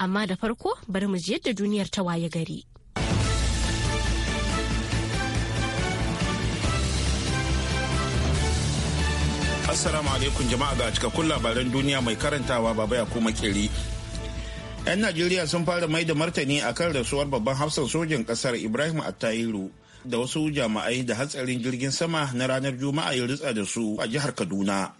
amma da farko bari mu ji yadda duniyar ta waye gari. Assalamu alaikum jama'a ga cikakkun labaran duniya mai karantawa baba ya kuma kiri. 'Yan Najeriya sun fara mai da martani a kan rasuwar babban hafsan sojin ƙasar Ibrahim Attahiru da wasu jama'ai da hatsarin jirgin sama na ranar Juma'a ya ritsa da su a jihar Kaduna.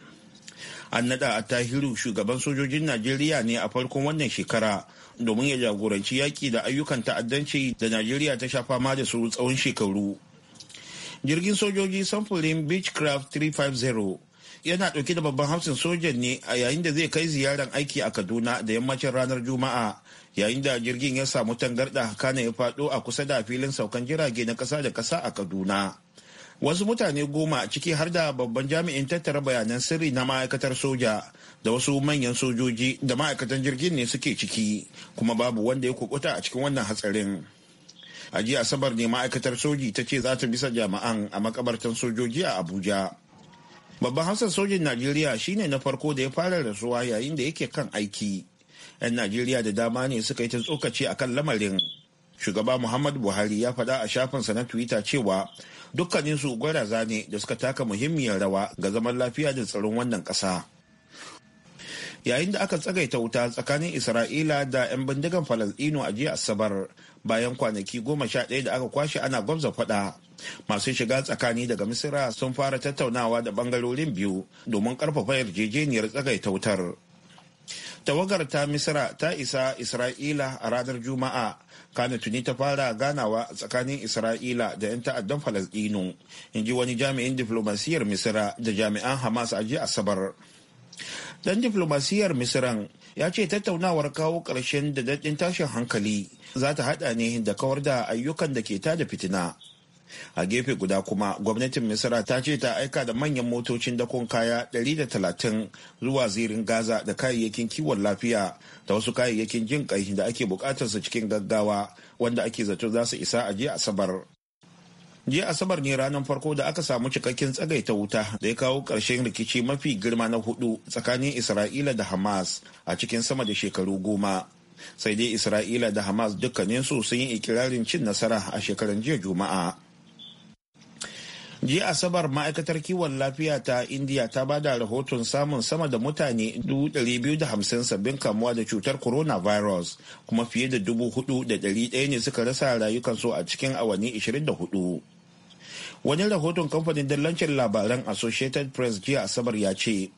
annada nada a tahiru shugaban sojojin najeriya ne a farkon wannan shekara domin ya jagoranci yaƙi da ayyukan ta'addanci da najeriya ta sha fama da su tsawon shekaru jirgin sojoji samfurin beechcraft 350 yana ɗauke da babban hafsin sojan ne a yayin da zai kai ziyarar aiki a kaduna da yammacin ranar juma'a yayin da jirgin ya samu tangarɗa kana ya fado a kusa da filin saukan jirage na ƙasa da ƙasa a kaduna wasu mutane goma ciki har da babban jami'in tattara bayanan sirri na ma'aikatar soja da wasu manyan sojoji da ma'aikatan jirgin ne suke ciki kuma babu wanda ya kubuta a cikin wannan hatsarin a jiya asabar ne ma'aikatar soji ta ce za ta bisa jami'an a makabartan sojoji a abuja babban hafsan sojin najeriya shine na farko da ya fara rasuwa yayin da yake kan aiki 'yan najeriya da dama ne suka yi ta tsokaci akan lamarin shugaba muhammad buhari ya faɗa a shafinsa na twitter cewa dukkaninsu gwaraza ne da suka taka muhimmiyar rawa ga zaman lafiya da tsaron wannan ƙasa yayin da aka tsagaita wuta tsakanin isra'ila da 'yan bindigan falasdino a jiya asabar bayan kwanaki goma sha ɗaya da aka kwashe ana gwamza faɗa masu shiga tsakani daga misira sun fara tattaunawa da bangarorin biyu domin ƙarfafa yarjejeniyar tsagaita wutar tawagar ta misra ta isa isra'ila a ranar juma'a kana tuni ta fara ganawa tsakanin isra'ila da 'yan ta'addan falasdino in ji wani jami'in diflomasiyar misra da jami'an hamas a jiya asabar dan diflomasiyar misran ya ce tattaunawar kawo ƙarshen da daɗin tashin hankali za ta haɗa ne da kawar da ayyukan da ke tada fitina a gefe guda kuma gwamnatin misira ta ce ta aika da manyan motocin dakon kaya 130 zuwa zirin gaza da kayayyakin kiwon lafiya da wasu kayayyakin jin kai da ake bukatarsa cikin gaggawa wanda ake zato za su isa a jiya asabar jiya asabar ne ranar farko da aka samu cikakken tsagaita wuta da ya kawo ƙarshen rikici mafi girma na hudu tsakanin isra'ila da hamas a cikin sama da shekaru goma sai dai isra'ila da hamas dukkaninsu sun yi ikirarin cin nasara a shekaran jiya juma'a jiya asabar ma'aikatar kiwon lafiya ta indiya ta ba da rahoton samun sama da mutane 250 sabbin kamuwa da cutar coronavirus kuma fiye da 4,100 ne suka rasa rayukansu a cikin awanni 24 wani rahoton kamfanin dallancin labaran associated press jiya asabar ya ce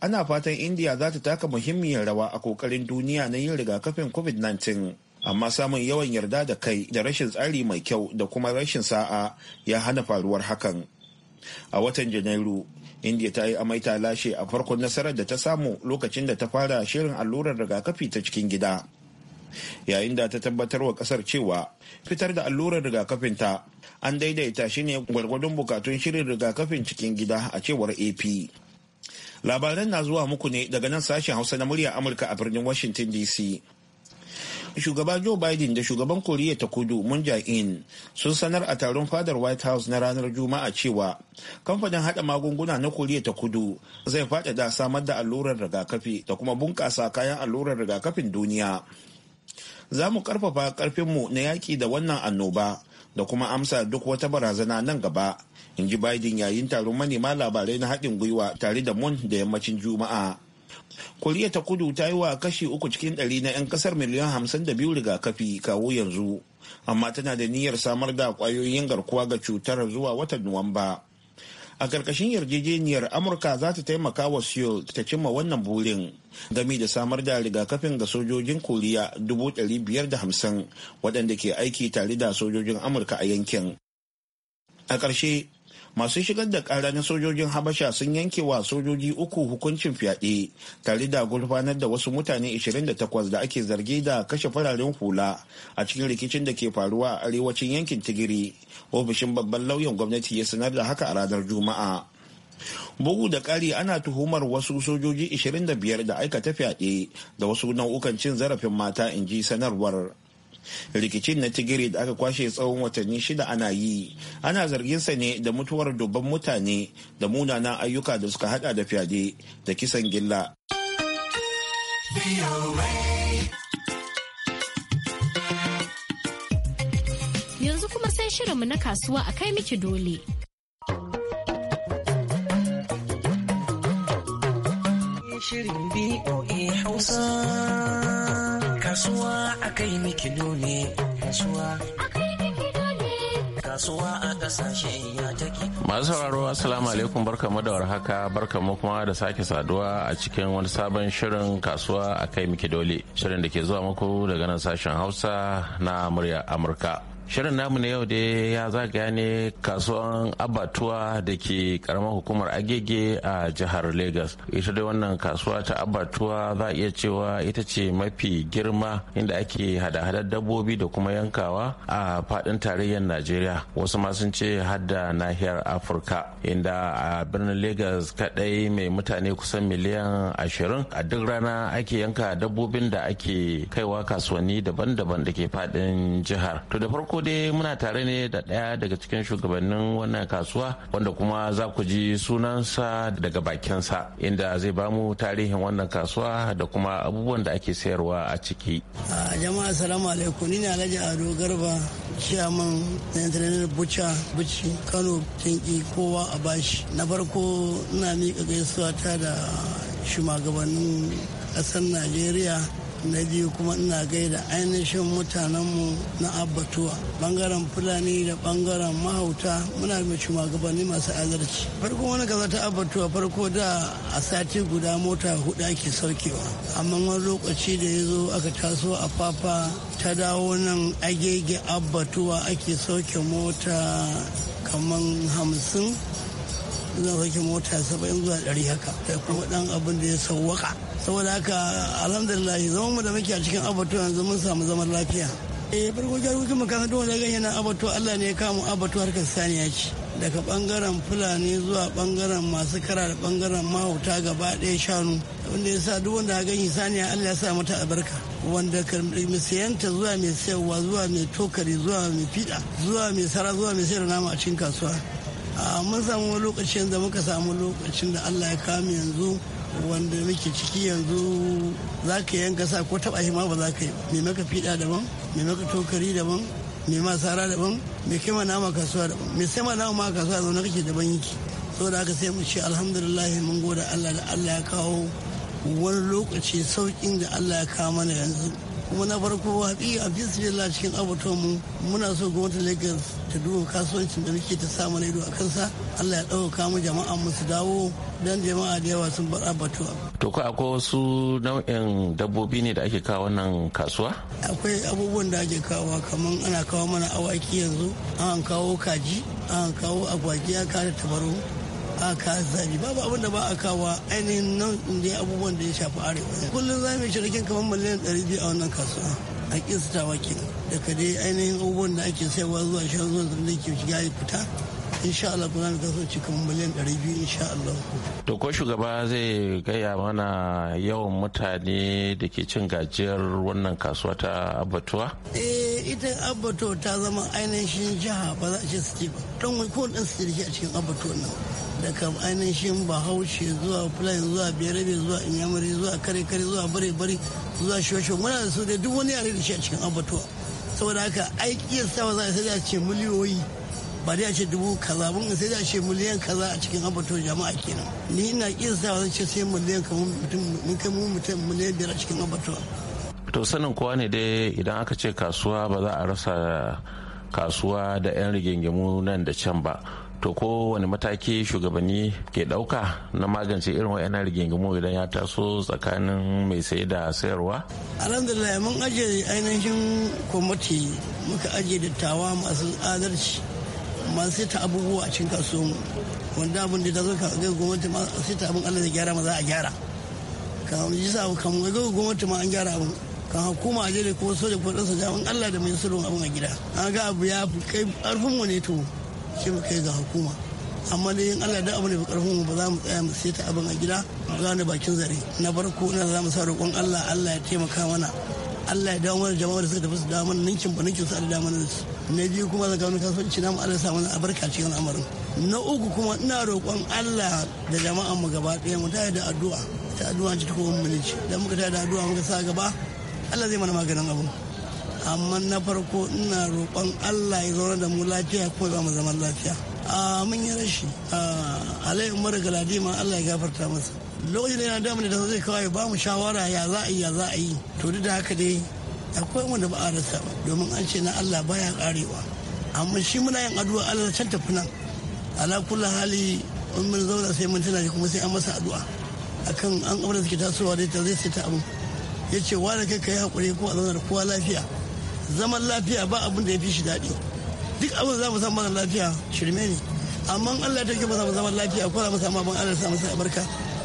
ana fatan indiya za ta taka muhimmiyar rawa a kokarin duniya na yin rigakafin covid-19 amma samun yawan yarda da kai da rashin tsari mai kyau da kuma rashin sa'a ya hana faruwar hakan a watan janairu india ta yi amai ta lashe a farkon nasarar da ta samu lokacin da ta fara shirin allurar rigakafi ta cikin gida yayin da ta tabbatar wa kasar cewa fitar da allurar rigakafin ta an daidaita shi ne gwargwadon bukatun shirin rigakafin cikin gida a cewar ap labaran na zuwa muku ne daga nan sashen hausa na murya amurka a birnin washington dc shugaba joe biden da shugaban koriya ta kudu mun in sun sanar a taron fadar white house na ranar juma'a cewa kamfanin hada magunguna na koriya ta kudu zai faɗaɗa samar da allurar rigakafi da kuma bunƙasa kayan allurar rigakafin duniya za mu karfafa karfinmu na yaƙi da wannan annoba da kuma amsa duk wata barazana nan gaba in ji biden yayin taron manema labarai na haɗin gwiwa tare da mun da yammacin juma'a koriya ta kudu ta yi wa kashi uku cikin ɗari na 'yan ƙasar miliyan hamsin da biyu rigakafi kawo yanzu amma tana da niyyar samar da kwayoyin garkuwa ga cutar zuwa watan nuwamba a ƙarƙashin yarjejeniyar amurka za ta taimaka wa seoul ta cimma wannan burin gami da samar da rigakafin ga sojojin koriya dubu biyar da hamsin waɗanda ke aiki tare da sojojin amurka a yankin a ƙarshe masu shigar da kara na sojojin habasha sun yanke wa sojoji uku hukuncin fyaɗe tare da gurfanar da wasu mutane 28 da ake zarge da kashe fararen hula a cikin rikicin da ke faruwa a arewacin yankin tigiri ofishin babban lauyan gwamnati ya sanar da haka a ranar juma'a bugu da ƙari ana tuhumar wasu sojoji 25 da aikata fyaɗe da wasu nau'ukan cin zarafin mata in ji sanarwar rikicin na tigiri da aka kwashe tsawon watanni shida ana yi ana zargin sa ne da mutuwar dubban mutane da munanan ayyuka da suka hada da fyade da kisan gilla yanzu kuma sai shirinmu na kasuwa a kai miki dole shirin BOA Hausa. Kasuwa a kai ni kilo ne, kasuwa Masu sauraro Assalamu alaikum mu da warhaka barkamu kuma da sake saduwa a cikin wani sabon shirin kasuwa a kai miki dole shirin da ke zuwa muku daga nan sashen Hausa na murya Amurka. Shirin namu na yau da ya zagaya ne kasuwan abatuwa da ke karamar hukumar agege a jihar Legas. Ita dai wannan kasuwa ta abatuwa za iya cewa ita ce mafi girma inda ake hada hada dabbobi da kuma yankawa a fadin tarayyar Najeriya. Wasu ma sun ce hadda nahiyar Afirka inda a birnin Legas kadai mai mutane kusan miliyan ashirin a duk rana ake yanka dabbobin da ake kaiwa kasuwanni daban-daban da ke fadin jihar. To da farko farko dai muna tare ne da ɗaya daga cikin shugabannin wannan kasuwa wanda kuma za ku ji sunansa daga bakinsa inda zai bamu tarihin wannan kasuwa da kuma abubuwan da ake sayarwa a ciki. a jama'a salamu alaikum ni ne alhaji ado garba ciyaman na intanet bucha buci kano tinki kowa a bashi na farko ina miƙa gaisuwa ta da shugabannin ƙasar najeriya na biyu kuma ina gaida ainihin mutanenmu na abbatuwa bangaren fulani da bangaren mahauta muna mai shugabanni masu azarci farko wani kaza ta abbatuwa farko da a sati guda mota hudu ake saukewa amma wani lokaci da ya zo aka taso a fafa ta dawo nan agege abbatuwa ake sauke mota kamar hamsin zan sauke mota saba'in zuwa ɗari haka da kuma ɗan abin da ya sauwaka saboda haka alhamdulillah zaman mu da muke a cikin abatu yanzu mun samu zaman lafiya eh farko jaru kuma kan wanda da abatu Allah ne ya kama abatu harkar saniya ce daga bangaren fulani zuwa bangaren masu kara da bangaren mahauta gaba ɗaya shanu wanda ya sa duk wanda ya gani saniya Allah ya sa mata albarka wanda mai sayanta zuwa mai sayarwa zuwa mai tokari zuwa mai fiɗa zuwa mai sara zuwa mai sayar nama a cikin kasuwa ah, mun samu lokacin da muka samu lokacin da Allah ya kama yanzu wanda nake ciki yanzu za ka yanka sa ko taba shi ma ba za ka yi me maka fiɗa daban me maka tokari daban me ma sara daban me kai ma nama kasuwa daban me sai ma nama ma kasuwa zaune kake daban yake saboda haka sai mu ce alhamdulillah mun gode Allah da Allah ya kawo wani lokaci saukin da Allah ya kawo mana yanzu kuma na farko haƙi a bismillah cikin abubuwan mu muna so gwamnatin lagos ta duba kasuwancin da nake ta samu na ido a kansa allah ya ɗauka mu jama'a mu dawo dan jama'a da yawa sun bar abatuwa. to ko akwai wasu nau'in dabbobi ne da ake kawo wannan kasuwa akwai abubuwan da ake kawo kamar ana kawo mana awaki yanzu an kawo kaji an kawo agwagiya ya kare tabaru a zabi babu abin da ba a kawa ainihin nan inda abubuwan da ya shafi arewa kullum za mu shirikin kamar miliyan ɗari biyu a wannan kasuwa a kinsa tawa daga dai ainihin abubuwan da ake saiwa zuwa shan zuwa da ke shiga ya fita insha Allah kuna da kaso cikin miliyan 200 insha Allah to ko shugaba zai gaya mana yawan mutane da ke cin gajiyar wannan kasuwa ta abatuwa eh ita abatuwa ta zama ainihin jiha ba za a ce suke ba don wani kowane ɗan suke a cikin abatuwa nan daga ainihin bahaushe zuwa fulani zuwa berebe zuwa inyamuri zuwa kare kare zuwa bare bare zuwa shosho muna da su dai duk wani yare da shi a cikin abatuwa saboda haka aiki ya sa za a ce miliyoyi ba dai a ce dubu kaza mun sai dai a ce miliyan kaza a cikin abato jama'a kenan ni ina sa zan ce sai miliyan kamar mutum mun kai mu mutum miliyan biyar a cikin abato to sanin kowa ne dai idan aka ce kasuwa ba za a rasa kasuwa da 'yan rigingimu nan da can ba to ko wani mataki shugabanni ke dauka na magance irin wa'yan rigingimu idan ya taso tsakanin mai sayi da sayarwa? alhamdulillah mun ajiye ainihin kwamati muka ajiye tawa masu adalci masu sita abubuwa a cikin kasuwan wanda abin da zaka zo ka ga gwamnati ma sita abin Allah da gyara ma za a gyara ka ji sa kan ga gwamnati ma an gyara abin ka hukuma a jere ko soja ko dan soja Allah da mai sulhun abin a gida an ga abu ya fi kai karfin mu ne to shi mu kai ga hukuma amma dai in Allah da abu ne karfin mu ba za mu tsaya mu sita abin a gida mu gane bakin zare na farko ina za mu sa roƙon Allah Allah ya taimaka mana Allah ya dawo mana jama'a da suka tafi su dawo mana ninkin ba ninkin su da dawo mana su na biyu kuma tsakanin kasuwanci namu Allah samu mana albarka cikin al'amarin na uku kuma ina roƙon Allah da jama'an mu gaba ɗaya mu tare da addu'a ta addu'a ci ko mu ne dan muka tare da addu'a muka sa gaba Allah zai mana maganin abu. amma na farko ina roƙon Allah ya zauna da mu lafiya ko za mu zama lafiya a mun yi rashi a ah, alai umar galadima Allah ya gafarta masa lokacin da yana damu da zai kawai ba mu shawara ya za a yi ya za a yi to duk da haka dai akwai wanda ba a rasa ba domin an ce na Allah baya karewa amma shi muna yin addu'a Allah can tafi nan ala kullu hali in mun zauna sai mun tana kuma sai an masa addu'a akan an abin da suke tasowa dai ta zai sai ta abin ya ce wa da kai kai hakuri ko a zauna da kowa lafiya zaman lafiya ba abin da ya fi shi daɗi duk abin da za mu samu lafiya shirme ne amma Allah ya take mu zaman lafiya ko za mu samu abin Allah ya sa masa albarka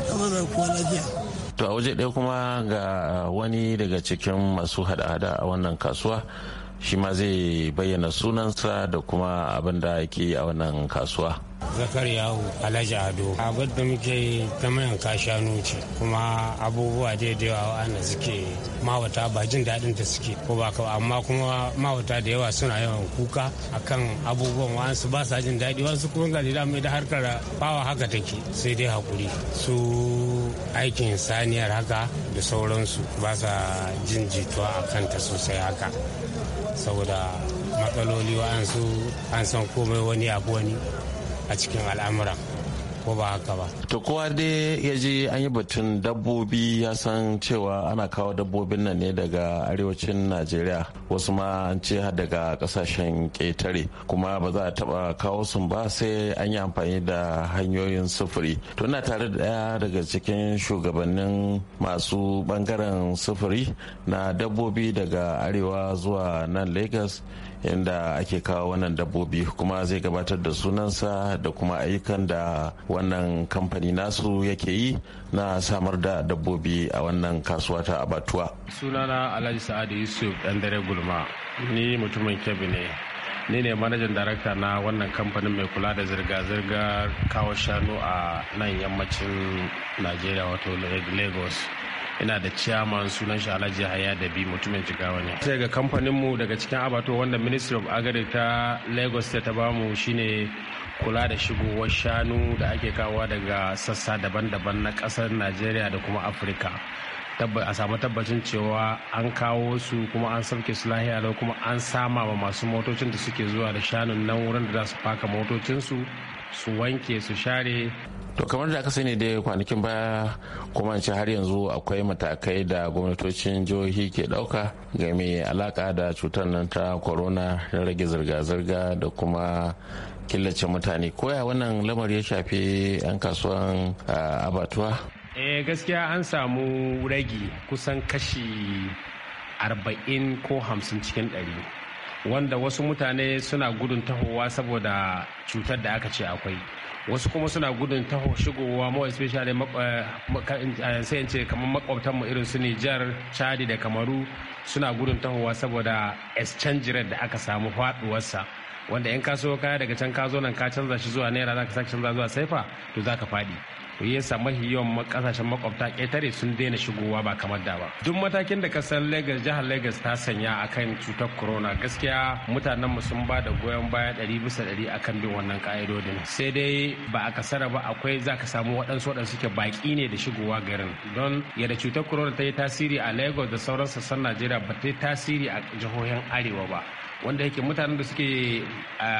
zauna da kowa lafiya to a waje ɗaya kuma ga ah, wani daga cikin masu hada-hada a wannan kasuwa shi ma zai bayyana sunansa da kuma abin da yake a wannan kasuwa zakar alhaji ado abin da muke ta mayanka shanu ce kuma abubuwa da yawa wa'anda suke mawata ba jin daɗin ta suke ko ba ka amma kuma mawata da yawa suna yawan kuka akan abubuwan wa'ansu ba sa jin daɗi wasu kuma ga da mai da harkar bawa haka take sai dai hakuri su aikin saniyar haka da sauransu ba sa jin jituwa a kanta sosai haka saboda matsaloli wa'ansu an san komai wani abu wani a cikin al'amura ko ba haka ba. To kowa dai ya ji an yi batun dabbobi ya san cewa ana kawo dabbobin nan ne daga arewacin Najeriya wasu ma an ce daga kasashen ƙetare kuma ba za a taba kawo sun ba sai an yi amfani da hanyoyin sufuri. To ina tare da ɗaya daga cikin shugabannin masu bangaren sufuri na dabbobi daga arewa zuwa nan Lagos inda ake kawo wannan dabbobi kuma zai gabatar da sunansa da kuma ayyukan da wannan kamfani nasu yake yi na samar da dabbobi a wannan kasuwa ta abatuwa sunana alhaji sa'adu yusuf dan dare gulma ni mutumin kebbi ne ni ne manajan darakta na wannan kamfanin mai kula da zirga-zirgar kawo shanu a nan yammacin najeriya wato lagos ina da ciyaman sunan shi alhaji haya da bi mutumin jigawa ne sai ga kamfanin mu daga cikin abato wanda ministry of agri ta lagos state ta bamu shine kula da shigowar shanu da ake kawo daga sassa daban-daban na kasar najeriya da kuma afirka a samu tabbacin cewa an kawo su kuma an sauke su lahiya kuma an sama wa masu motocin da suke zuwa da shanun nan wurin da za su faka motocinsu su wanke su share to kamar da aka sani da kwanakin baya kuma ce har yanzu akwai matakai da gwamnatocin jihohi ke dauka game alaka da cutar nan ta corona na rage zirga-zirga da kuma killace mutane koya wannan lamari ya shafi 'yan kasuwan abatuwa eh gaskiya an samu ragi kusan kashi 40 ko 50 cikin 100 wanda wasu mutane suna gudun tahowa saboda cutar da aka ce akwai wasu kuma suna gudun taho shigowa mawa especially eh, eh, sai in ce kamar makwabtanmu irin su Nijar, Chadi da Kamaru suna gudun tahowa saboda exchange rate da aka samu faduwarsa wanda in ka siyo kaya daga can ka zo nan ka canza shi zuwa naira za ka sake canza zuwa saifa to za ka faɗi to ya samu yawan kasashen makwabta ƙetare sun daina shigowa ba kamar da ba duk matakin da kasar lagos jihar lagos ta sanya akan cutar corona gaskiya mutanenmu sun ba da goyon baya ɗari bisa ɗari akan bin wannan ka'idodin sai dai ba a kasara ba akwai za ka samu waɗansu waɗansu suke baƙi ne da shigowa garin don yadda cutar corona ta yi tasiri a lagos da sauran sassan najeriya ba ta yi tasiri a jihohin arewa ba wanda yake mutanen da suke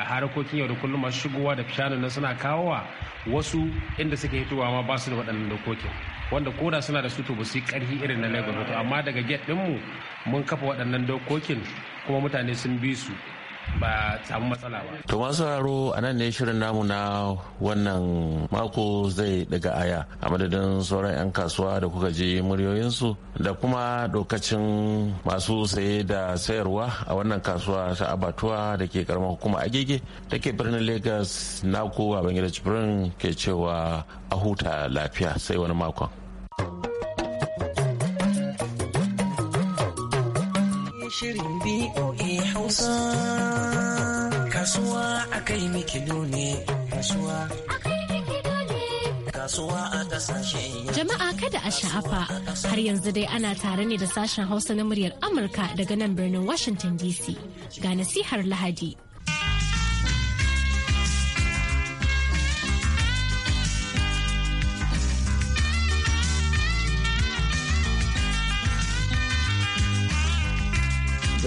harkokin yau da kullum masu shigowa da fishanu nan suna kawowa wasu inda suke hitowa ma ba su da waɗannan dokokin wanda koda suna da su to ba su yi ƙarfi irin na lagos to amma daga gate ɗinmu mun kafa waɗannan dokokin kuma mutane sun bi su ba samu matsala ba. To masu sauraro a nan ne shirin namu na wannan mako zai daga aya a madadin sauran 'yan kasuwa da kuka je muryoyinsu da kuma dokacin masu saye da sayarwa a wannan kasuwa ta abatuwa da ke karamar hukuma agege da ke birnin Lagos na a Babangida Jibrin ke cewa a huta lafiya sai wani makon. Shirin Kasuwa a kai mikilo ne. Kasuwa Jama'a kada a sha'afa har yanzu dai ana tare ne da sashen Hausa na muryar Amurka daga nan birnin Washington DC ga nasihar Lahadi.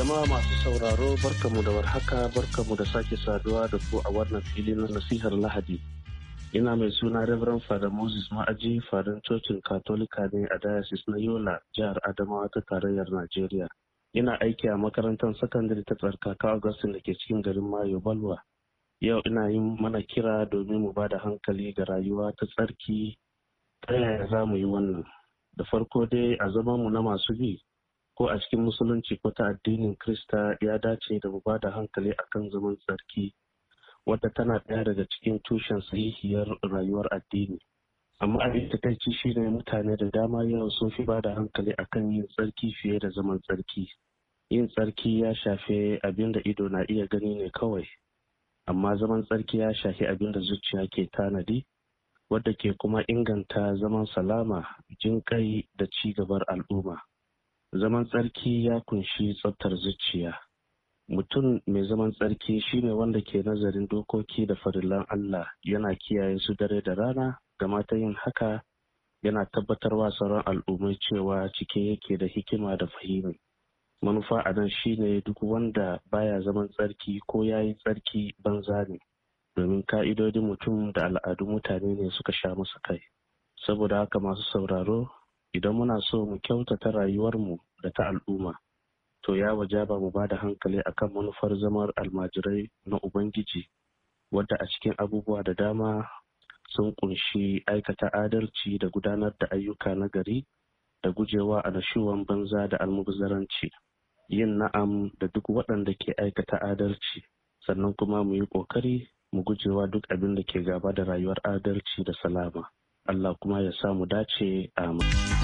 Jama'a masu sauraro barka mu da warhaka mu da sake saduwa da ku a wannan filin nasihar Lahadi. Ina mai suna Reverend Father Moses Ma'aji Fadin Cocin Katolika ne a Diocese na Yola, Jihar Adamawa ta Tarayyar Najeriya. Ina aiki a makarantar sakandare ta tsarkaka Augustin da ke cikin garin Mayo Balwa. Yau ina yi mana kira domin mu ba da hankali ga rayuwa ta tsarki ta yaya za mu yi wannan. Da farko dai a zaman mu na masu bi ko a cikin musulunci ko ta addinin krista ya dace da mu ba da hankali akan zaman tsarki wadda tana ɗaya daga cikin tushen sahihiyar rayuwar addini amma abin takaici kai shi ne mutane da dama yau sun fi bada hankali akan yin tsarki fiye da zaman tsarki yin tsarki ya shafe abin da ido na iya gani ne kawai amma zaman tsarki ya shafi abin da zuciya ke tanadi wadda ke kuma inganta zaman salama jin kai da ci gabar al'umma zaman tsarki ya kunshi tsaftar zuciya mutum mai zaman tsarki shine wanda ke nazarin dokoki da farillan Allah yana kiyaye su dare da rana gama ta yin haka yana tabbatar wa sauran al'ummai cewa cike yake da hikima da fahimi manufa a nan shine duk wanda baya zaman tsarki ko ya yi tsarki banza ne domin ka'idodin mutum da al'adun mutane ne suka sha masa kai saboda haka masu sauraro idan muna so mu kyautata rayuwarmu da ta al'umma to ya wajaba mu bada da hankali akan manufar zamar almajirai na ubangiji wadda a cikin abubuwa da dama sun kunshi aikata adalci da gudanar da ayyuka na gari da gujewa a nashuwan banza da almubzaranci yin na'am da duk waɗanda ke aikata adalci sannan kuma mu yi ƙoƙari mu gujewa duk abin da ke gaba da rayuwar adalci da salama Allah kuma ya samu dace amin.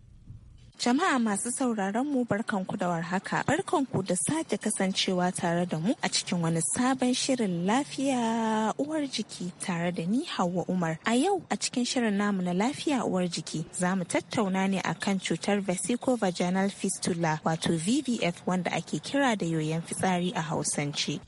Jama'a masu sauraron mu barkanku da warhaka. Barkanku da sake kasancewa tare da mu a cikin wani sabon shirin lafiya uwar jiki tare da ni Hauwa Umar. A yau a cikin shirin namu na lafiya uwar jiki za mu tattauna ne akan cutar Vaginal fistula wato VVF wanda ake kira da yoyon fitsari a Hausance.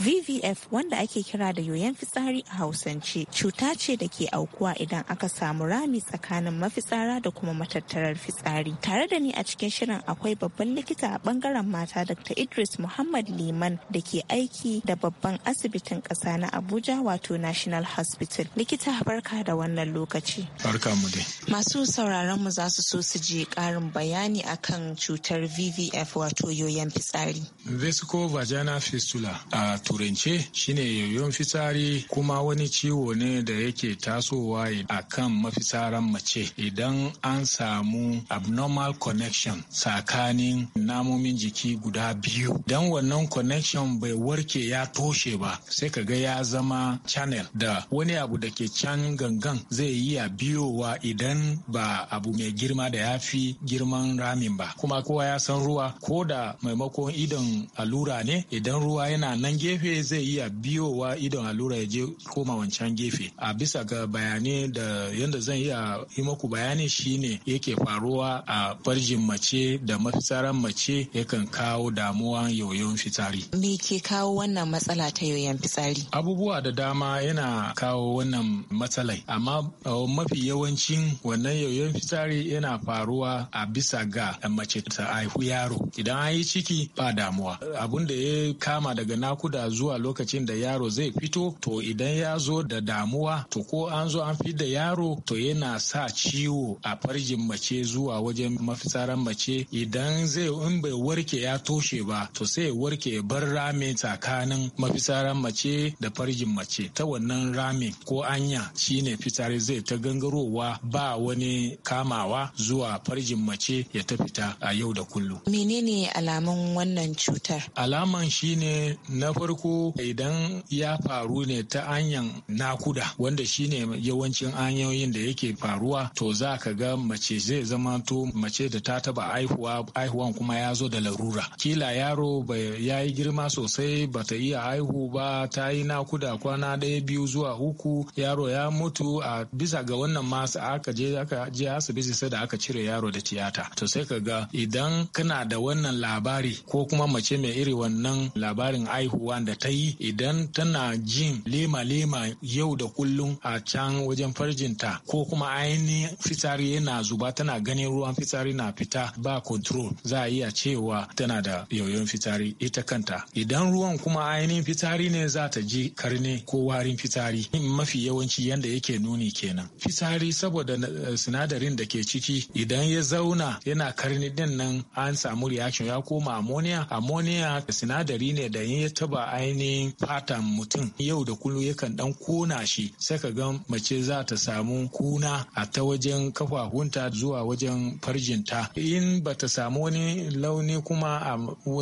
vvf wanda ake kira da yoyon fitsari a hausance cuta ce da ke aukuwa idan aka samu rami tsakanin mafitsara da kuma matattarar fitsari tare da ni a cikin shirin akwai babban likita a bangaren mata dr idris muhammad liman da ke aiki da babban asibitin ƙasa na abuja wato national hospital likita barka da wannan lokaci barka mu dai masu sauraron mu za su so su je ƙarin bayani akan cutar vvf wato yoyon fitsari vesico vagina fistula uh, turance shine yoyon fitsari kuma wani ciwo ne da yake tasowa a kan mafitsaran mace idan an samu abnormal connection tsakanin namomin jiki guda biyu dan wannan connection bai warke ya toshe ba sai ka ga ya zama channel da wani abu da ke can gangan zai yi a biyowa idan ba abu mai girma da ya fi girman ramin ba kuma kowa ya san ruwa ko da maimakon idon allura ne idan ruwa yana nan gefe gefe zai iya biyowa idon allura ya je koma wancan gefe a bisa ga bayanai da yadda zan iya yi maku bayani shine yake faruwa a farjin mace da mafitsaran mace yakan kawo damuwa yoyon fitsari me ke kawo wannan matsala ta yoyon fitsari abubuwa da dama yana kawo wannan matsalai amma uh, mafi yawancin wannan yoyon fitsari yana faruwa a bisa ga mace ta haihu yaro idan an yi ciki ba damuwa abun da ya kama daga nakuda zuwa lokacin da yaro zai fito to idan ya zo da damuwa to ko an zo an fi da yaro to yana sa ciwo a farjin mace zuwa wajen mafitsaran mace idan zai in bai warke ya toshe ba to sai warke bar rame tsakanin mafitsaran mace da farjin mace ta wannan rame ko anya shine fitare zai ta gangarowa ba wani kamawa zuwa farjin mace ya ta fita a yau da kullum menene alamun wannan cutar alaman shine na farko farko idan ya faru ne ta hanyar nakuda wanda shine yawancin hanyoyin da yake faruwa to za ka ga mace zai zama to mace da ta taba haihuwa haihuwan kuma ya zo da larura kila yaro ya yi girma sosai ba bata iya haihu ba ta yi nakuda kwana ɗaya biyu zuwa uku yaro ya mutu a bisa ga wannan masu aka je aka je asibiti sai da aka cire yaro da tiyata to sai ka ga idan kana da wannan labari ko kuma mace mai iri wannan labarin haihuwa da ta yi idan tana jin lema-lema yau da kullum a can wajen farjinta ko kuma ainihin fitsari yana zuba tana ganin ruwan fitsari na fita ba control za a iya cewa tana da yoyon fitsari ita kanta idan ruwan kuma ainihin fitsari ne za ta ji karne ko warin fitsari mafi yawanci yanda yake nuni kenan fitsari saboda eh, sinadarin da ke ciki idan ya zauna yana karni din nan an samu reaction ya koma ammonia ammonia sinadari ne da ya taba ainihin fatan mutum yau da kullum yakan dan kona shi sai ka ga mace za ta samu kuna a ta wajen kafafunta zuwa wajen farjinta in ba ta samu wani launi kuma a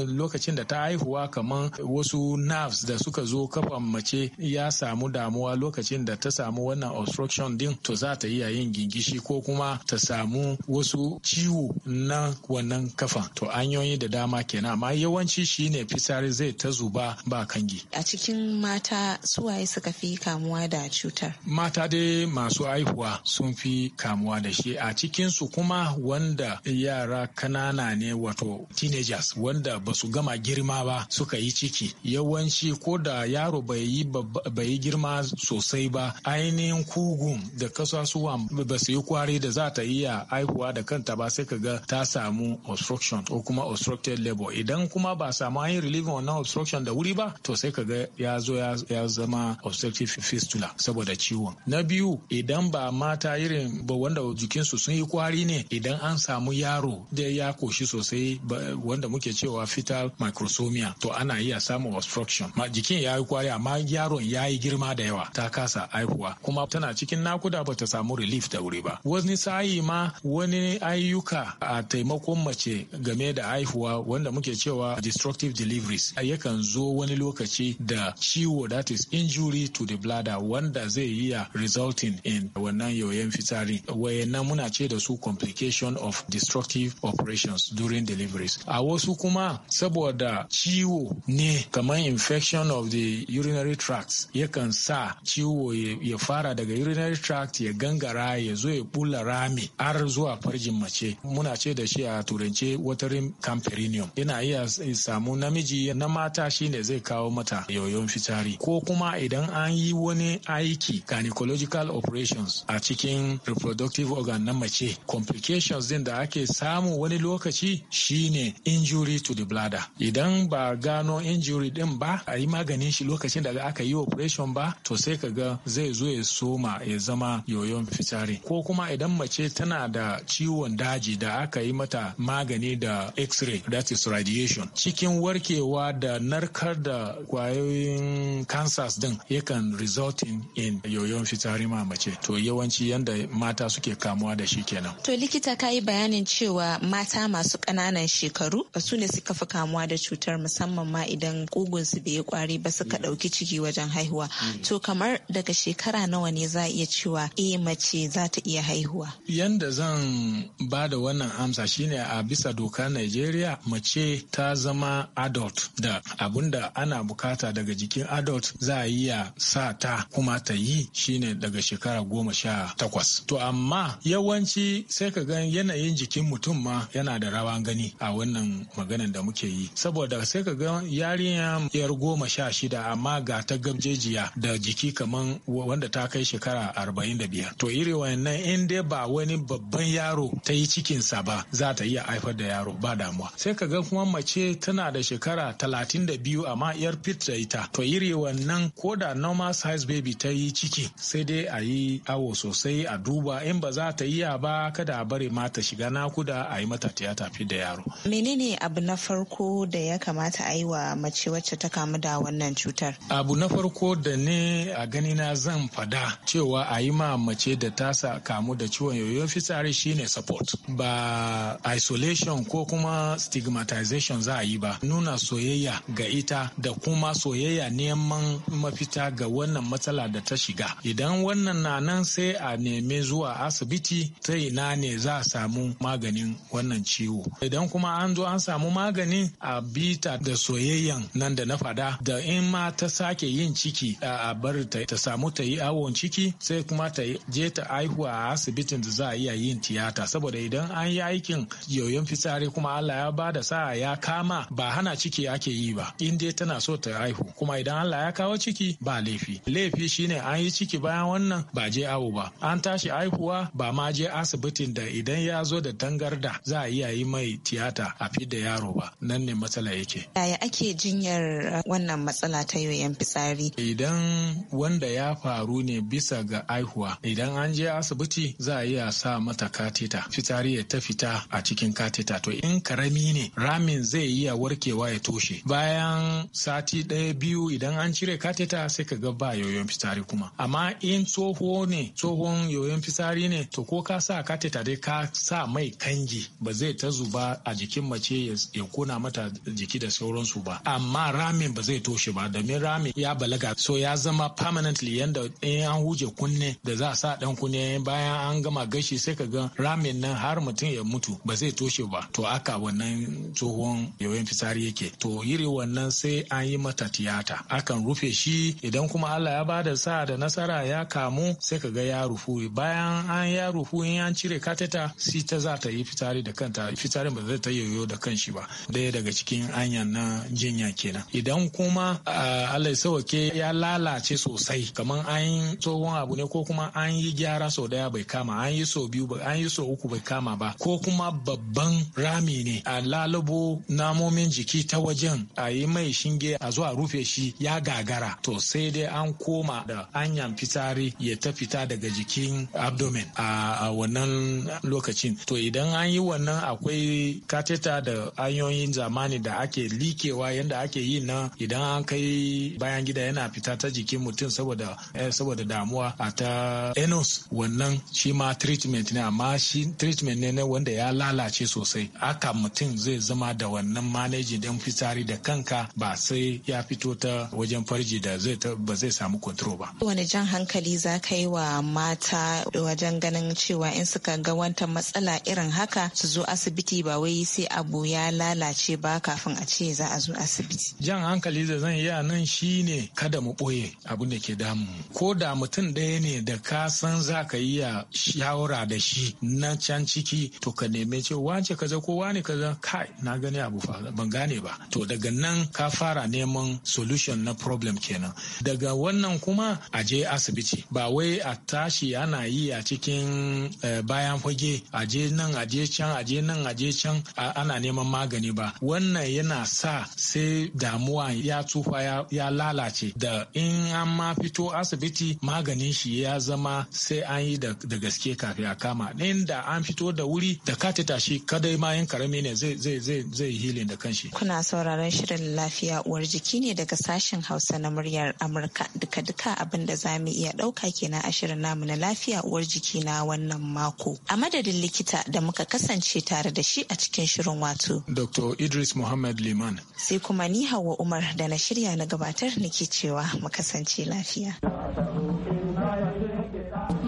lokacin da ta haihuwa kamar wasu nerves da suka zo kafan mace ya samu damuwa lokacin da ta samu wannan obstruction din to za ta iya yin gingishi ko kuma ta samu wasu ciwo na wannan kafa to hanyoyi da dama kenan amma yawanci shine fitsari zai ta zuba ba a kangi. A cikin mata su suwaye suka fi kamuwa da cutar? Mata dai masu haihuwa sun fi kamuwa da shi a cikinsu kuma wanda yara kanana ne wato teenagers wanda ba su gama girma ba suka yi ciki yawanci ko da yaro bai yi girma sosai ba ainihin kugun da kasasuwa ba su yi kwari da za ta iya haihuwa da kanta ba sai ka ga ta samu obstruction ko kuma obstructed labor idan kuma ba samu an yi relieving wannan obstruction da wuri ba to sai ka ga ya zo ya zama obstructive fistula saboda ciwon na biyu idan ba mata irin ba wanda jikinsu sun yi kwari ne idan an samu yaro da ya koshi sosai wanda muke cewa fetal microsomia to ana iya samun obstruction ma jikin ya yi kwari amma yaron ya yi girma da yawa ta kasa haihuwa kuma tana cikin nakuda ba ta samu relief da wuri ba wani sa'i ma wani ayyuka a taimakon mace game da haihuwa wanda muke cewa destructive deliveries yakan zo wani lokaci da ciwo that is injury to the bladder wanda zai iya resulting in wannan yoyon fitsari wayannan muna ce da su complication of destructive operations during deliveries a wasu kuma saboda ciwo ne kamar infection of the urinary tract yakan sa ciwo ya fara daga urinary tract ya gangara ya zo ya bula rami har zuwa farjin mace muna ce da shi a turance watering camperinium yana iya samu namiji na mata shine zai kawo mata yoyon fitari ko kuma idan an yi wani aiki gynecological operations a cikin reproductive organ na mace complications din da ake samu wani lokaci shine injury to the bladder idan ba gano injury din ba a yi maganin shi lokacin da aka yi operation ba to sai ka ga zai zo ya soma ya zama yoyon fitari. ko kuma idan mace tana da ciwon daji da aka yi mata magani da x-ray that is radiation cikin warkewa da narkar da kwayoyin kansas din yakan resulting in yoyon fitsari ma mace to yawanci yanda mata suke kamuwa da shi kenan to likita ka yi bayanin cewa mata masu kananan shekaru su ne suka fi kamuwa da cutar musamman ma idan kugun su bai kwari ba suka mm. ɗauki ciki wajen haihuwa mm. to kamar daga shekara nawa ne za iya cewa eh mace za ta iya haihuwa yanda zan ba da wannan amsa shine a bisa doka Najeriya mace ta zama adult da abunda ana ana bukata daga jikin adult za a iya sa ta kuma ta yi shine daga shekara goma sha takwas to amma yawanci sai ka gan yanayin jikin mutum ma yana da rawan gani a wannan maganan da muke yi saboda sai ka gan yarinya yar goma sha shida amma ga ta gamjejiya da jiki kamar wanda ta kai shekara arba'in da biyar to iri wannan in dai ba wani babban yaro ta yi cikinsa ba za ta iya haifar da yaro ba damuwa sai ka ga kuma mace tana da shekara talatin da biyu amma yar fit da ita to iri wannan ko da normal size baby ta yi ciki sai dai a yi awo sosai a duba in ba za ta iya ba kada a bare ma ta shiga nakuda a yi mata tiyata fit da yaro menene abu na farko da ya kamata a yi wa mace wacce ta kamu da wannan cutar abu na farko da ne a gani na zan fada cewa a yi ma mace da ta kamu da ciwon yoyon fitsari shine support ba isolation ko kuma stigmatization za a yi ba nuna soyayya ga ita da da kuma soyayya neman mafita ga wannan matsala da ta shiga idan wannan na nan sai a neme zuwa asibiti ta ina ne za a samu maganin wannan ciwo idan kuma an zo an samu maganin a bita da soyayyan nan da na fada da in ma ta sake yin ciki a bar ta samu ta yi awon ciki sai kuma ta je ta haihuwa a asibitin da za a iya yin tiyata saboda idan an yi aikin yoyon fitsari kuma Allah ya ba da sa'a ya kama ba hana ciki ake yi ba in dai tana so ta haihu kuma idan Allah ya kawo ciki ba laifi laifi shine an yi ciki bayan wannan ba je awo ba an tashi haihuwa ba ma je asibitin da idan ya zo da tangarda za a iya yi mai tiyata a fidda yaro ba nan ne matsala yake yaya ake jinyar uh, wannan matsala ta yoyon fitsari idan wanda ya faru ne bisa ga haihuwa idan an je asibiti za a iya sa mata katita fitsari ya ta fita a cikin katita to in karami ne ramin zai iya warkewa ya toshe bayan sati ɗaya biyu idan an cire kateta sai ka ga ba yoyon fitsari kuma amma in tsoho ne tsohon yoyon fitsari ne to ko ka sa kateta dai ka sa mai kangi ba zai ta zuba a jikin mace ya kona mata jiki da sauransu ba amma ramin ba zai toshe ba domin ramin ya balaga so ya zama permanently yanda in an huje kunne da za a sa dan kunne bayan an gama gashi sai ka ga ramin nan har mutum ya mutu ba zai toshe ba to aka wannan tsohon yoyon fitsari yake to yiri wannan sai an yi mata tiyata akan rufe shi idan kuma Allah ya bada sa da nasara ya kamu sai ka ga ya rufu bayan an ya rufu in an cire kateta si ta za ta yi fitari da kanta fitarin ba zai ta yoyo da kan shi ba daya daga cikin anyan na jinya kenan idan kuma Allah ya sauke ya lalace sosai kamar an yi tsohon abu ne ko kuma an yi gyara sau daya bai kama an yi sau biyu an yi sau uku bai kama ba ko kuma babban rami ne a lalubo namomin jiki ta wajen a yi mai shin shinge a zuwa rufe shi ya gagara to sai dai an koma da hanyan fitari ya ta fita daga jikin abdomen a wannan lokacin to idan an yi wannan akwai kateta da hanyoyin zamani da ake likewa yadda ake yi na idan an kai bayan gida yana fita ta jikin mutum saboda eh, damuwa a ta enos wannan shi ma treatment ne amma shi treatment ne wanda ya lalace sosai haka mutum zai zama da wannan manajin don fitari da kanka ba sai ya fito ta wajen farji da zai ba zai samu kontrol ba wani jan hankali za ka yi wa mata wajen ganin cewa in suka ga wata matsala irin haka su zo asibiti ba wai sai abu ya lalace ba kafin a ce za a zo asibiti jan hankali da zan yi a nan shine kada mu ɓoye abin da ke damu ko da mutum ɗaya ne da ka san za ka iya shawara da shi na can ciki to ka neme cewa wace kaza ko wane kaza kai na gani abu fa ban gane ba to daga nan ka fara fara neman solution na problem kenan daga wannan kuma a je asibiti ba wai a tashi ana yi a cikin eh, bayan fage a je nan a je can a je nan a je can ana neman magani ba wannan yana sa sai damuwa ya tsufa ya lalace da in an ma fito asibiti maganin shi ya zama sai an yi da gaske kafin a kama ɗin da an fito da wuri da ka tashi kadai ma yin karami ne zai zai zai zai hilin da kanshi kuna sauraron shirin lafiya uwar jiki ne daga sashen Hausa na muryar Amurka duka-duka abin da za mu iya ɗauka kenan a shirin namu na lafiya uwar jiki na wannan mako. A madadin likita da muka kasance tare da shi a cikin shirin wato. Dr. Idris Muhammad Liman. Sai kuma ni Hawa Umar da na shirya na gabatar nake cewa mu kasance lafiya.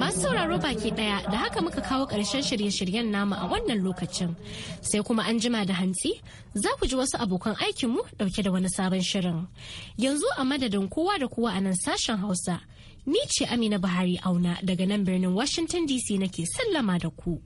Masu sauraro baki daya da haka muka kawo ƙarshen shirye-shiryen namu a wannan lokacin. Sai kuma an jima da hantsi za ku ji wasu abokan aikinmu ɗauke da wani sabon shirin. Yanzu a madadin kowa da kowa a nan sashen Hausa, ni ce Amina Buhari Auna daga nan birnin Washington DC nake sallama da ku.